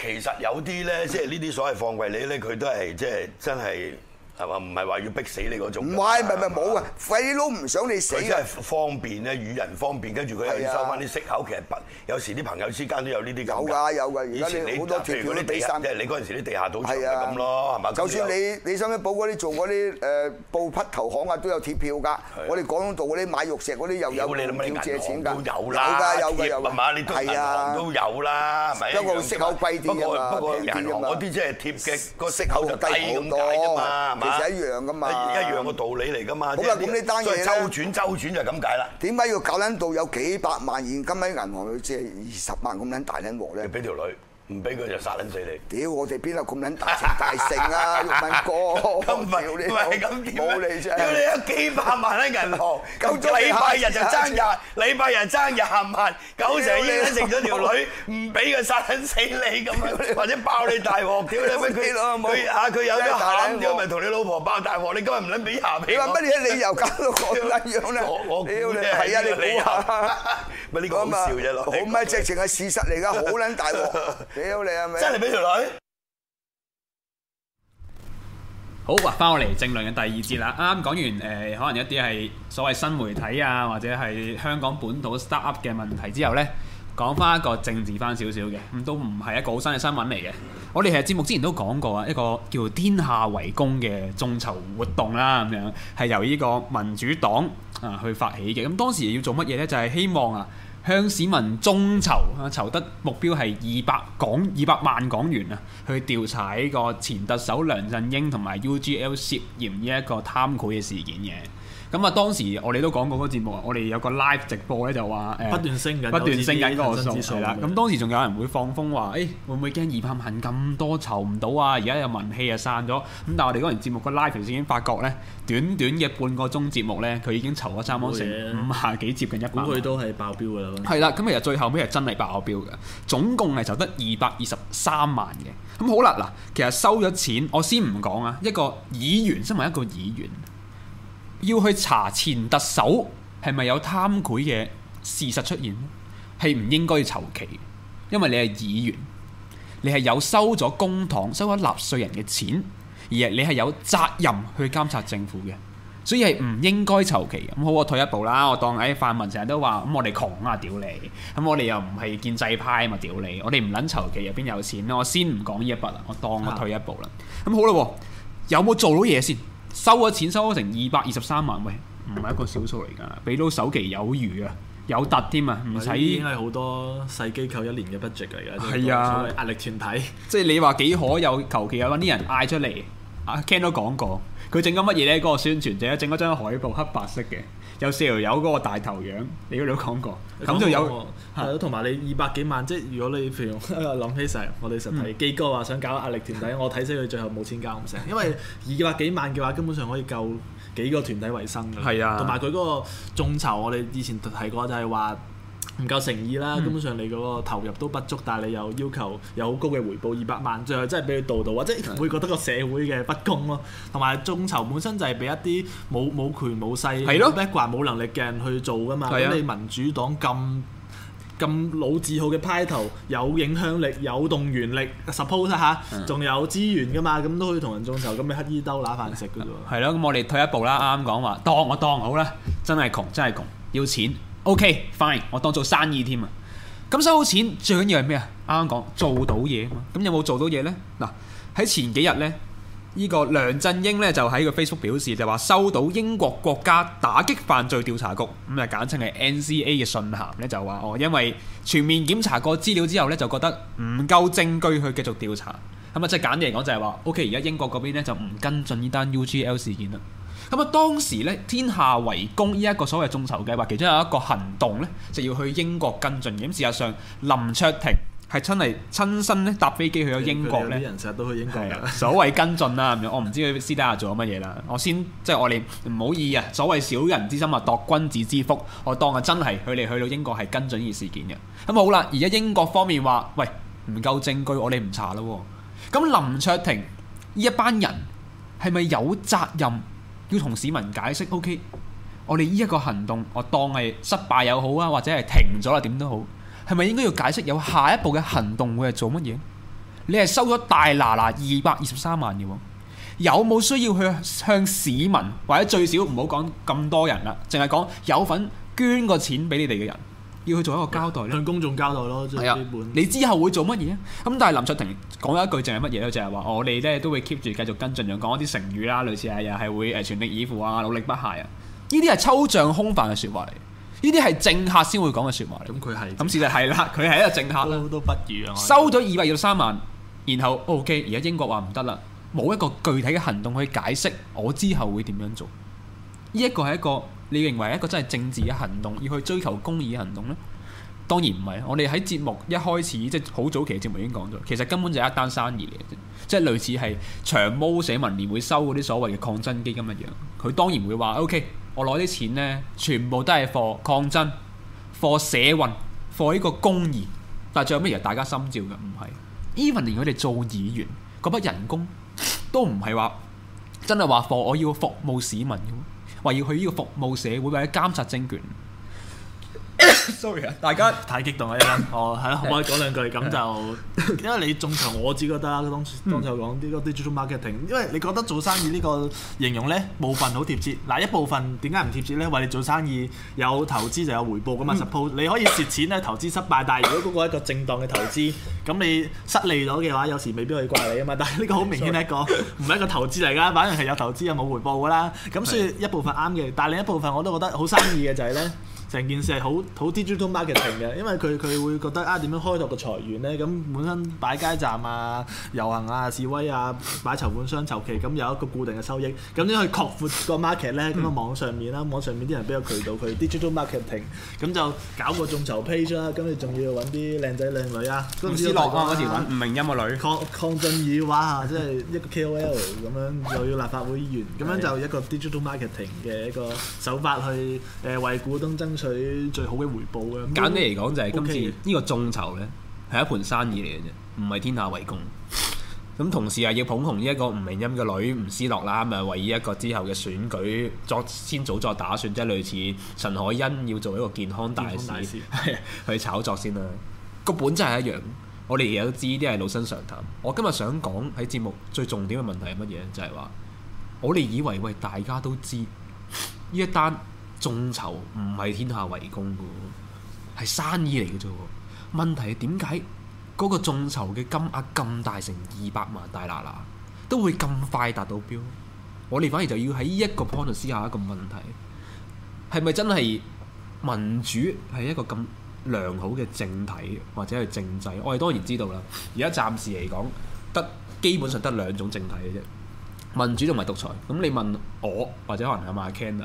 其實有啲咧，即係呢啲所謂放貴你咧，佢都係即係真係。係話，唔係話要逼死你嗰種，唔係，唔係冇啊！廢佬唔想你死。佢真係方便咧，與人方便，跟住佢又要收翻啲息口，其實有時啲朋友之間都有呢啲㗎。有㗎有㗎，以前你好多貼票啲地，即係你嗰陣時啲地下賭場係咁咯，係嘛？就算你你身家保嗰啲做嗰啲誒布匹投行啊，都有貼票㗎。我哋廣東做嗰啲買玉石嗰啲又有。你諗起銀行都有啦，有㗎有㗎，係啊，都有啦。不過息口貴啲㗎嘛。不過銀行嗰啲即係貼嘅個息口就低咁多㗎嘛，係嘛？係一樣噶嘛，一樣個道理嚟噶嘛，好。好啦，講呢單嘢啦，所以週轉週轉就係咁解啦。點解要搞撚到有幾百萬現金喺銀行度借二十萬咁撚大撚鑊咧？要俾條女。唔俾佢就殺撚死你！屌，我哋邊度咁撚大慈大聖啊？玉粉哥，咁唔係，唔係咁屌咩？屌你有幾百萬喺銀行，咁禮拜日就爭廿，禮拜日爭廿萬，九成已經剩咗條女，唔俾佢殺撚死你咁樣，或者爆你大鑊！屌你乜鬼咯？佢啊，佢有隻眼，屌咪同你老婆爆大鑊！你今日唔撚俾下？你話乜嘢理由搞到咁樣咧？我屌你係啊！你估下？咪呢個講笑啫咯？好唔係，直情係事實嚟噶，好撚大鑊！屌你係真係俾條女？ 好，話翻落嚟正論嘅第二節啦。啱講完誒、呃，可能一啲係所謂新媒體啊，或者係香港本土 start up 嘅問題之後呢，講翻一個政治翻少少嘅，咁都唔係一個好新嘅新聞嚟嘅。我哋其實節目之前都講過啊，一個叫天下為公嘅眾籌活動啦，咁樣係由呢個民主黨啊去發起嘅。咁當時要做乜嘢呢？就係、是、希望啊。向市民眾籌啊，籌得目標係二百港二百萬港元啊，去調查呢個前特首梁振英同埋 UGL 涉嫌呢一個貪賄嘅事件嘅。咁、嗯、啊，當時我哋都講過個節目啊，我哋有個 live 直播咧，就、呃、話不斷升緊不斷升緊呢個數。啦、嗯，咁、嗯嗯、當時仲有人會放風話，誒、欸、會唔會驚二百萬咁多籌唔到啊？而家又民氣又散咗。咁、嗯、但係我哋嗰輪節目個 live 已經發覺咧，短短嘅半個鐘節目咧，佢已經籌咗差唔多成五萬幾，接近一萬，估佢都係爆標㗎啦。係啦，咁、嗯、其實最後尾係真係爆個標嘅，總共係就得二百二十三萬嘅。咁好啦，嗱，其實收咗錢，我先唔講啊。一個議員身為一個議員，要去查前特首係咪有貪賄嘅事實出現咧，係唔應該要籌旗，因為你係議員，你係有收咗公帑收咗納稅人嘅錢，而係你係有責任去監察政府嘅。所以係唔應該籌期，咁好，我退一步啦，我當喺泛民成日都話咁，我哋窮啊屌你，咁我哋又唔係建制派啊嘛屌你，我哋唔撚籌期入邊有錢咯，我先唔講呢一筆啦，我當我退一步啦。咁、啊、好啦，有冇做到嘢先？收咗錢，收咗成二百二十三萬，喂，唔係一個小數嚟噶，俾到首期有餘啊，有突添啊，唔使，已經係好多細機構一年嘅 budget 嚟㗎，係是啊，壓力團體，即係你話幾可有求其有啲人嗌出嚟，阿 Ken 都講過。佢整緊乜嘢咧？嗰、嗰個宣傳者整咗張海報，黑白色嘅，有四條友嗰個大頭樣，你嗰度講過，咁就有係咯。同埋 你二百幾萬，即係如果你譬如諗 起成日我哋實體基哥話想搞壓力團體， 我睇死佢最後冇錢搞唔成，因為二百幾萬嘅話，根本上可以夠幾個團體為生嘅。係是啊，同埋佢嗰個眾籌，我哋以前提過就係話。唔夠誠意啦，根本上你嗰個投入都不足，但係你又要求有好高嘅回報，二百萬，最後真係俾佢度到，或者會覺得個社會嘅不公咯。同埋眾籌本身就係俾一啲冇冇權冇勢、冇咩掛、冇能力嘅人去做噶嘛。咁了你民主黨咁咁老字號嘅派頭，有影響力、有動員力，suppose 啦嚇，仲有資源噶嘛，咁都了可以同人眾籌。咁你乞衣兜拿飯食嘅啫喎。係咯，咁我哋退一步啦，啱啱講話當我當好啦，真係窮，真係窮，窮，要錢。O.K. fine，我當做生意添啊！咁收好錢，最緊要係咩啊？啱啱講做到嘢啊嘛！咁有冇做到嘢呢？嗱，喺前幾日呢，呢個梁振英呢就喺個 Facebook 表示就話收到英國國家打擊犯罪調查局咁啊簡稱係 N.C.A. 嘅信函呢就話哦，因為全面檢查過資料之後呢，就覺得唔夠證據去繼續調查，咁啊即係簡單嚟講就係話 O.K. 而家英國嗰邊呢就唔跟進呢單 U.G.L. 事件啦。咁啊、嗯！當時咧，天下為公，呢一個所謂眾籌計劃，其中有一個行動咧，就要去英國跟進嘅。咁事實上，林卓廷係真係親身咧搭飛機去咗英國咧。人成日都去英國嘅、嗯。 所謂跟進啦、啊，我唔知佢私底下做咗乜嘢啦。我先即係、就是、我哋唔好以啊。所謂小人之心啊，度君子之腹。我當啊真係佢哋去到英國係跟進呢件事件嘅。咁、嗯、好啦，而家英國方面話，喂，唔夠證據，我哋唔查咯、喔。」咁林卓廷呢一班人係咪有責任？要同市民解釋，OK，我哋呢一個行動，我當係失敗又好啊，或者係停咗啦，點都好，係咪應該要解釋有下一步嘅行動會係做乜嘢？你係收咗大嗱嗱二百二十三萬嘅喎，有冇需要去向市民或者最少唔好講咁多人啦，淨係講有份捐個錢俾你哋嘅人？要去做一個交代，向公眾交代咯，最基本、 啊、你之後會做乜嘢？咁但係林卓廷講咗一句，就係乜嘢咧？就係話我哋咧都會 keep 住繼續跟進樣講一啲成語啦，類似啊，又係會誒全力以赴啊，努力不懈啊，呢啲係抽象空泛嘅説話嚟，呢啲係政客先會講嘅説話嚟。咁佢係，咁事實係啦，佢係、啊、一個政客啦，都不如啊、收咗二百二十三萬，然後 OK，而家英國話唔得啦，冇一個具體嘅行動去解釋我之後會點樣做。呢一個係一個。你認為一個真係政治嘅行動，要去追求公義嘅行動呢？當然唔係。我哋喺節目一開始，即係好早期嘅節目已經講咗，其實根本就係一單生意嚟嘅。即係類似係長毛社民連會收嗰啲所謂嘅抗爭基金一樣。佢當然會話：OK，我攞啲錢呢，全部都係貨抗爭、貨社運、貨呢個公義。但係最後尾其實大家心照嘅，唔係。even 連佢哋做議員，嗰筆人工都唔係話真係話貨，我要服務市民。話要去呢個服務社會，或者監察政權。Sorry 啊，大家太激動啊！一陣， 哦，係啦，我 可唔可以講兩句，咁 就。 因為你仲場，我只覺得當時當場講啲嗰啲 Digital Marketing，因為你覺得做生意呢個形容呢部分好貼切。嗱一部分點解唔貼切呢？話你做生意有投資就有回報噶嘛。嗯、Suppose 你可以蝕錢咧，投資失敗，但係如果嗰個係一個正當嘅投資，咁你失利咗嘅話，有時未必可以怪你啊嘛。但係呢個好明顯係一個，唔係一個投資嚟噶，反而係有投資又冇回報噶啦。咁所以一部分啱嘅，但係另一部分我都覺得好生意嘅就係呢。成件事係好好 digital marketing 嘅，因為佢佢會覺得啊點樣開拓個財源咧？咁本身擺街站啊、遊行啊、示威啊、擺籌款箱籌期，咁有一個固定嘅收益，咁樣去擴闊個 market 咧？咁啊、嗯、網上面啦，網上面啲人比較渠道，佢 digital marketing，咁就搞個眾籌 page 啦、啊。咁你仲要揾啲靚仔靚女啊，吳落樂嗰時揾吳明音個女鄺，鄺鄺俊宇話啊，即係一個 KOL 咁樣 又要立法會議員，咁樣就一個 digital marketing 嘅一個手法去誒、呃、為股東增。取最好嘅回報嘅。簡單嚟講，就係今次呢 Okay. 個眾籌呢，係一盤生意嚟嘅啫，唔係天下為公。咁同時又要捧紅呢一個吳明音嘅女吳思樂啦，咪啊為呢一個之後嘅選舉作先早作打算，即係類似陳凱欣要做一個健康大使，大使 去炒作先啦。個本質係一樣，我哋而家都知呢啲係老生常談。我今日想講喺節目最重點嘅問題係乜嘢？就係、是、話我哋以為喂大家都知呢一單。 眾籌唔係天下為公嘅喎，係生意嚟嘅啫喎。問題係點解嗰個眾籌嘅金額咁大，成二百萬大嗱嗱，都會咁快達到標？我哋反而就要喺呢一個 point 度思考一個問題，係咪真係民主係一個咁良好嘅政體或者係政制？我哋當然知道啦。而家暫時嚟講，得基本上得兩種政體嘅啫。民主同埋獨裁，咁你問我或者可能係問阿 Ken 呢，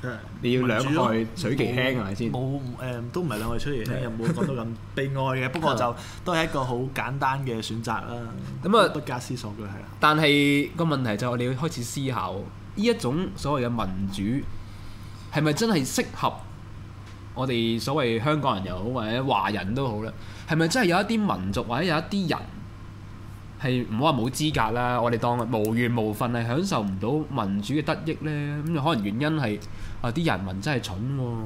主 你要兩害取其輕係咪先？冇都唔係兩害出嚟，又冇講到咁悲哀嘅。不過就都係一個好簡單嘅選擇啦。咁、嗯、啊，不假思索嘅係啦。但、那、係個問題就係，我哋要開始思考呢一種所謂嘅民主係咪真係適合我哋所謂香港人又好或者華人都好咧？係咪真係有一啲民族或者有一啲人？係唔好話冇資格啦！我哋當無緣無份係享受唔到民主嘅得益呢。咁就可能原因係啊啲人民真係蠢喎、哦，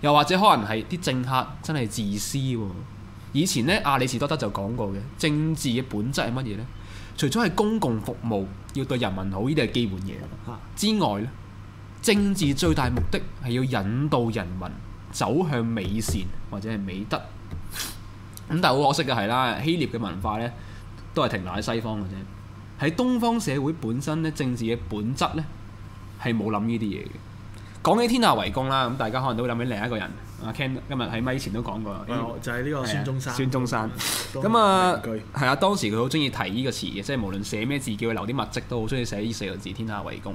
又或者可能係啲政客真係自私喎、哦。以前呢，阿、啊、里士多德就講過嘅政治嘅本質係乜嘢呢？除咗係公共服務要對人民好呢啲係基本嘢之外呢，政治最大目的係要引導人民走向美善或者係美德。咁但係好可惜嘅係啦，希臘嘅文化呢。都係停留喺西方嘅啫，喺東方社會本身咧，政治嘅本質咧係冇諗呢啲嘢嘅。講起天下為公啦，咁大家可能都會諗起另一個人，阿 Ken 今日喺咪前都講過，哎哎、就係、是、呢個孫中山、啊。孫中山，咁 啊，係啊、嗯嗯嗯嗯，當時佢好中意提呢個詞嘅，即係無論寫咩字，叫佢留啲墨跡都好，中意寫呢四個字天下為公。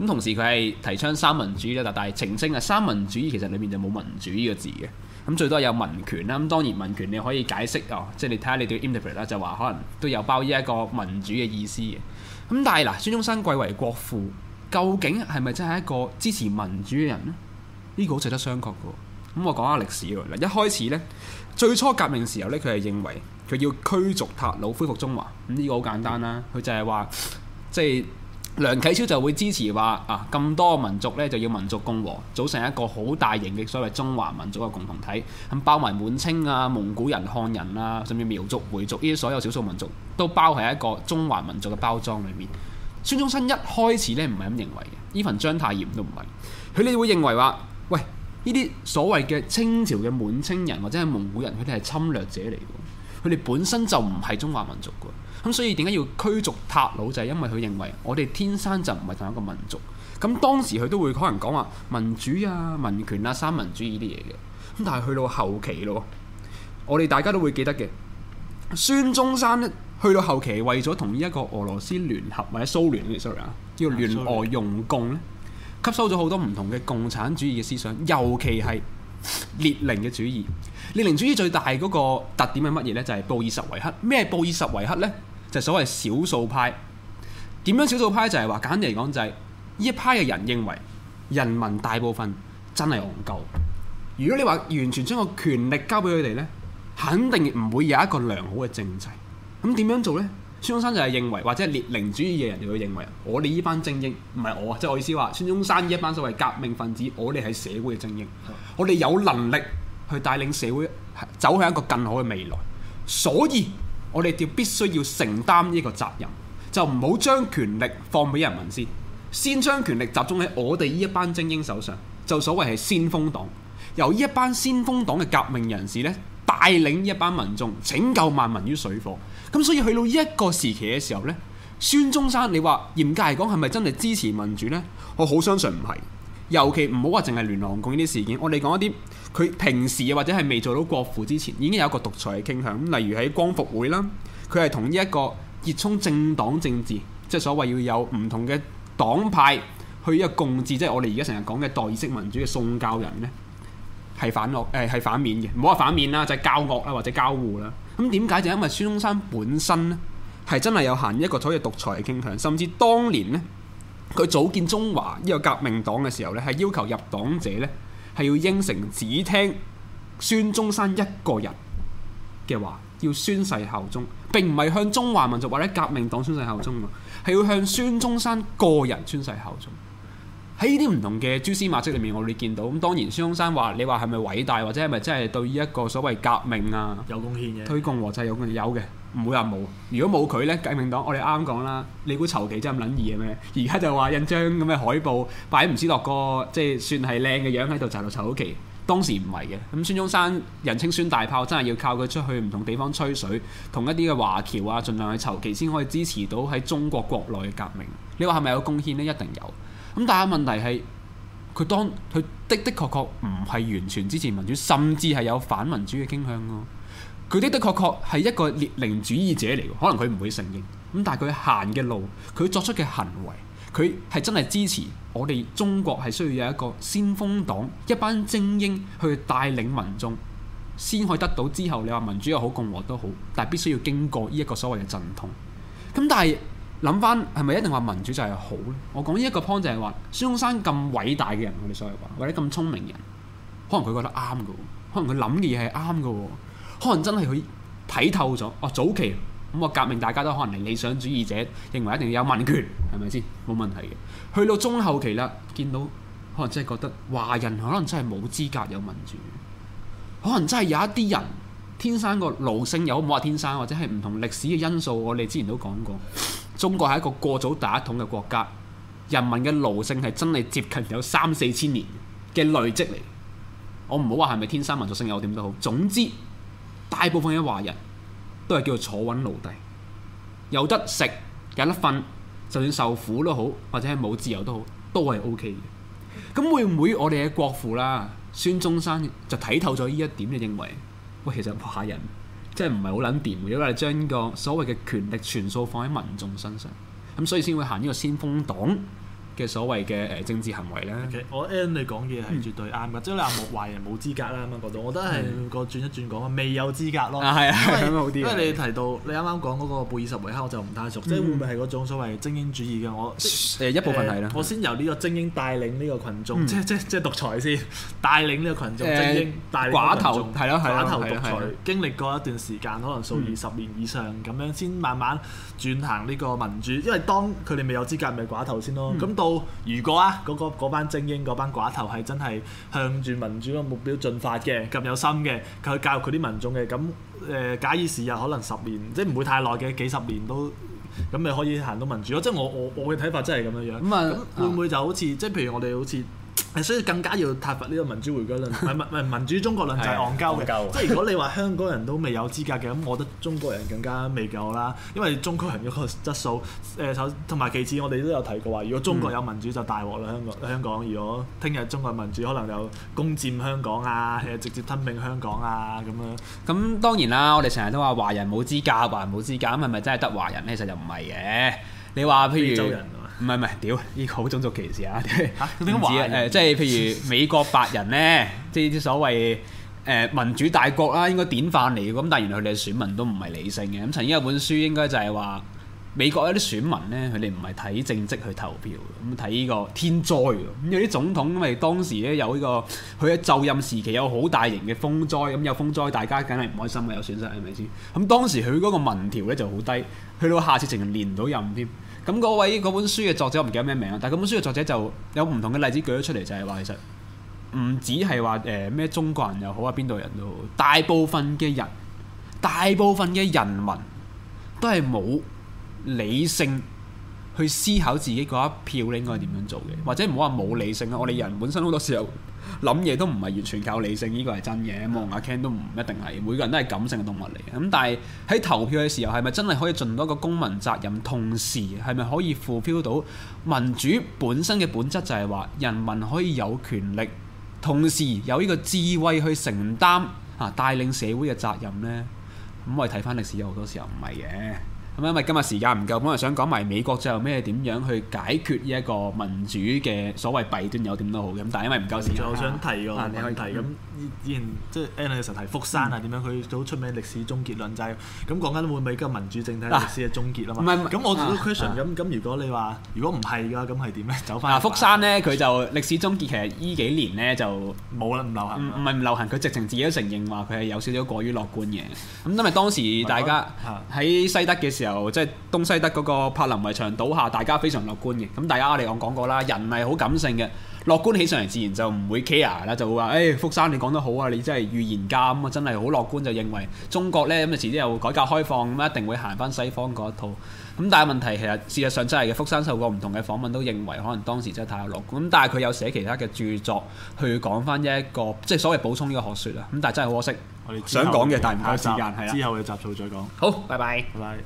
咁同時佢係提倡三民主義啦，但係澄清啊，三民主義其實裏面就冇民主呢個字嘅。咁最多有民權啦，咁當然民權你可以解釋哦，即係你睇下你對 interpret 啦，就話可能都有包呢一個民主嘅意思嘅。咁但係嗱，孫中山貴為國父，究竟係咪真係一個支持民主嘅人呢？呢個好值得商榷嘅。咁、嗯、我講下歷史喎。嗱，一開始呢，最初革命時候呢，佢係認為佢要驅逐韃虜，恢復中華。咁、這、呢個好簡單啦，佢就係話即係。梁啟超就會支持話啊，咁多民族咧就要民族共和，組成一個好大型嘅所謂中華民族嘅共同體，咁包埋滿清啊、蒙古人、漢人啦、啊，甚至苗族、回族呢啲所有少數民族都包喺一個中華民族嘅包裝裏面。孫中山一開始咧唔係咁認為嘅，呢份章太炎都唔係，佢哋會認為話：喂，呢啲所謂嘅清朝嘅滿清人或者係蒙古人，佢哋係侵略者嚟嘅。佢哋本身就唔係中華民族嘅，咁所以點解要驅逐韃虜？就係因為佢認為我哋天生就唔係同一個民族。咁當時佢都會可能講話民主啊、民權啊、三民主義啲嘢嘅。咁但係去到後期咯，我哋大家都會記得嘅，孫中山咧去到後期為咗同呢一個俄羅斯聯合或者蘇聯，sorry 啊，要聯俄容共咧，吸收咗好多唔同嘅共產主義嘅思想，尤其係列寧嘅主義。列寧主義最大嗰個特點係乜嘢呢？就係、是、布爾什維克。咩布爾什維克呢？就係、是、所謂少數派。點樣少數派？就係、是、話簡單嚟講，就係呢一派嘅人認為人民大部分真係戇鳩。如果你話完全將個權力交俾佢哋呢，肯定唔會有一個良好嘅政制。咁點樣做呢？孫中山就係認為，或者列寧主義嘅人就會認為，我哋呢班精英，唔係我啊，即、就、係、是、我意思話，孫中山呢一班所謂革命分子，我哋係社會嘅精英，我哋有能力。去帶領社會走向一個更好嘅未來，所以我哋就必須要承擔呢一個責任，就唔好將權力放俾人民先，先將權力集中喺我哋呢一班精英手上，就所謂係先鋒黨，由呢一班先鋒黨嘅革命人士呢帶領一班民眾拯救萬民於水火。咁所以去到呢一個時期嘅時候呢，孫中山你話嚴格嚟講係咪真係支持民主呢？我好相信唔係。尤其唔好話淨係聯俄共呢啲事件，我哋講一啲佢平時或者係未做到國父之前已經有一個獨裁嘅傾向。例如喺光復會啦，佢係同呢一個熱衷政黨政治，即係所謂要有唔同嘅黨派去一個共治，即係我哋而家成日講嘅代議式民主嘅宋教仁呢，係反惡誒係、呃、反面嘅，唔好話反面啦，就係、是、交惡啦或者交惡啦。咁點解就因為孫中山本身呢，係真係有行一個所謂獨裁嘅傾向，甚至當年呢，佢組建中華呢個革命黨嘅時候呢，係要求入黨者呢，係要應承只聽孫中山一個人嘅話，要宣誓效忠，並唔係向中華民族或者革命黨宣誓效忠啊，係要向孫中山個人宣誓效忠。喺呢啲唔同嘅蛛絲馬跡裏面，我哋見到咁當然，孫中山話你話係咪偉大，或者係咪真係對呢一個所謂革命啊有貢獻嘅推共和制有嘅。有唔會話冇，如果冇佢呢，革命黨我哋啱啱講啦，你估籌旗真係咁撚易嘅咩？而家就話印張咁嘅海報，擺唔知落個，即係算係靚嘅樣喺度，就喺度籌旗。當時唔係嘅，咁孫中山人稱孫大炮，真係要靠佢出去唔同地方吹水，同一啲嘅華僑啊，盡量去籌旗，先可以支持到喺中國國內嘅革命。你話係咪有貢獻呢？一定有。咁但係問題係，佢當佢的的，的確確唔係完全支持民主，甚至係有反民主嘅傾向㗎。佢的的確確係一個列寧主義者嚟嘅，可能佢唔會承認。咁但係佢行嘅路，佢作出嘅行為，佢係真係支持我哋中國係需要有一個先鋒黨，一班精英去帶領民眾，先可以得到之後。你話民主又好，共和都好，但係必須要經過呢一個所謂嘅陣痛。咁但係諗翻係咪一定話民主就係好咧？我講呢一個 point 就係話孫中山咁偉大嘅人，我哋所謂話或者咁聰明人，可能佢覺得啱㗎，可能佢諗嘅嘢係啱㗎。可能真係佢睇透咗，哦，早期咁啊、那個、革命，大家都可能係理想主義者，認為一定要有民權，係咪先？冇問題嘅。去到中後期啦，見到可能真係覺得華人可能真係冇資格有民主，可能真係有一啲人天生個奴性又好，唔好話天生，或者係唔同歷史嘅因素。我哋之前都講過，中國係一個過早打統嘅國家，人民嘅奴性係真係接近有三四千年嘅累積嚟。我唔好話係咪天生民族性有，點都好，總之。大部分嘅華人，都係叫做坐穩奴隸，有得食，有得瞓，就算受苦都好，或者係冇自由都好，都係 OK 嘅。咁會唔會我哋嘅國父啦，孫中山就睇透咗呢一點就認為，喂，其實華人即係唔係好撚掂，因為你將呢個所謂嘅權力全數放喺民眾身上，咁所以先會行呢個先鋒黨。嘅所謂嘅誒政治行為咧，我 N 你講嘢係絕對啱嘅，即係你話冇壞人冇資格啦咁樣講我覺得係個轉一轉講啊，未有資格咯，係啊，好啲。因為你提到你啱啱講嗰個布爾什維克，我就唔太熟，即係會唔會係嗰種所謂精英主義嘅？我誒一部分係啦。我先由呢個精英帶領呢個群眾，即係即係即係獨裁先，帶領呢個群眾精英，寡頭係咯寡頭獨裁，經歷過一段時間，可能數以十年以上咁樣，先慢慢轉行呢個民主。因為當佢哋未有資格，咪寡頭先咯。咁如果啊，嗰班精英嗰班寡頭係真係向住民主嘅目標進發嘅，咁有心嘅，佢去教育佢啲民眾嘅，咁誒、呃、假以時日，可能十年即係唔會太耐嘅，幾十年都咁咪可以行到民主咯。即係我我我嘅睇法真係咁樣樣。咁啊那，會唔會就好似、啊、即係譬如我哋好似？係，所以更加要撻伐呢個民主回歸論，唔 民主中國論就係戇鳩嘅。即係如果你話香港人都未有資格嘅，咁 我覺得中國人更加未夠啦。因為中國人嘅個質素，誒同埋其次，我哋都有提過話，如果中國有民主就大鑊啦。香港，香港如果聽日中國民主，可能就攻佔香港啊，直接吞併香港啊咁樣。咁當然啦，我哋成日都話華人冇資格，華人冇資格，咁係咪真係得華人呢？其實就唔係嘅。你話譬如。唔係唔係，屌呢、這個好種族歧視啊！嚇 止，點話即係譬如 美國白人呢，即係啲所謂誒、呃、民主大國啦，應該典範嚟嘅。咁但係原來佢哋嘅選民都唔係理性嘅。咁、嗯、曾經有本書應該就係話美國有啲選民呢，佢哋唔係睇政績去投票，咁睇呢個天災。咁、嗯、有啲總統因為、嗯、當時咧有呢個佢喺就任時期有好大型嘅風災，咁、嗯、有風災大家梗係唔開心啊！有損失係咪先？咁、嗯、當時佢嗰個民調咧就好低，去到下次仲連唔到任添。咁嗰位嗰本書嘅作者我唔記得咩名，但係嗰本書嘅作者就有唔同嘅例子舉咗出嚟，就係話其實唔止係話誒咩中國人又好啊、邊度人都好，大部分嘅人，大部分嘅人民都係冇理性。去思考自己嗰一票你應該點樣做嘅，或者唔好話冇理性啊！我哋人本身好多時候諗嘢都唔係完全靠理性，呢個係真嘅。望、嗯、阿 Ken 都唔一定係每個人都係感性嘅動物嚟嘅。咁、嗯、但係喺投票嘅時候，係咪真係可以盡到一個公民責任？同時，係咪可以 fulfill 到民主本身嘅本質？就係、是、話人民可以有權力，同時有呢個智慧去承擔啊帶領社會嘅責任呢。咁我哋睇翻歷史有好多時候唔係嘅。咁因為今日時間唔夠，本來想講埋美國最後咩點樣去解決呢一個民主嘅所謂弊端，有點都好嘅。咁但係因為唔夠時間，我想提個問題。咁以前即係 Allen 提福山啊，點樣佢好出名歷史終結論就係咁講緊會唔會今日民主政體歷史嘅終結啊？嘛。唔係唔係，咁我 question 咁咁，如果你話如果唔係嘅話，咁係點咧？走翻。福山咧，佢就歷史終結其實呢幾年咧就冇啦，唔流行。唔唔係唔流行，佢直情自己都承認話佢係有少少過於樂觀嘅。咁因為當時大家喺西德嘅時候。就即係東西德嗰個柏林圍牆倒下，大家非常樂觀嘅。咁大家，我哋講過啦，人係好感性嘅，樂觀起上嚟，自然就唔會 care 啦。就話，誒、哎，福山，你講得好啊，你真係預言家咁啊，真係好樂觀，就認為中國呢，咁就遲啲又改革開放咁，一定會行翻西方嗰一套。咁但係問題其實事實上真係嘅。福山受過唔同嘅訪問，都認為可能當時真係太樂觀。咁但係佢有寫其他嘅著作去講翻一個即係所謂補充呢個學説啊。咁但係真係好可惜，想講嘅，但，但係唔夠時間。之後嘅集數再講。好，拜拜，拜拜。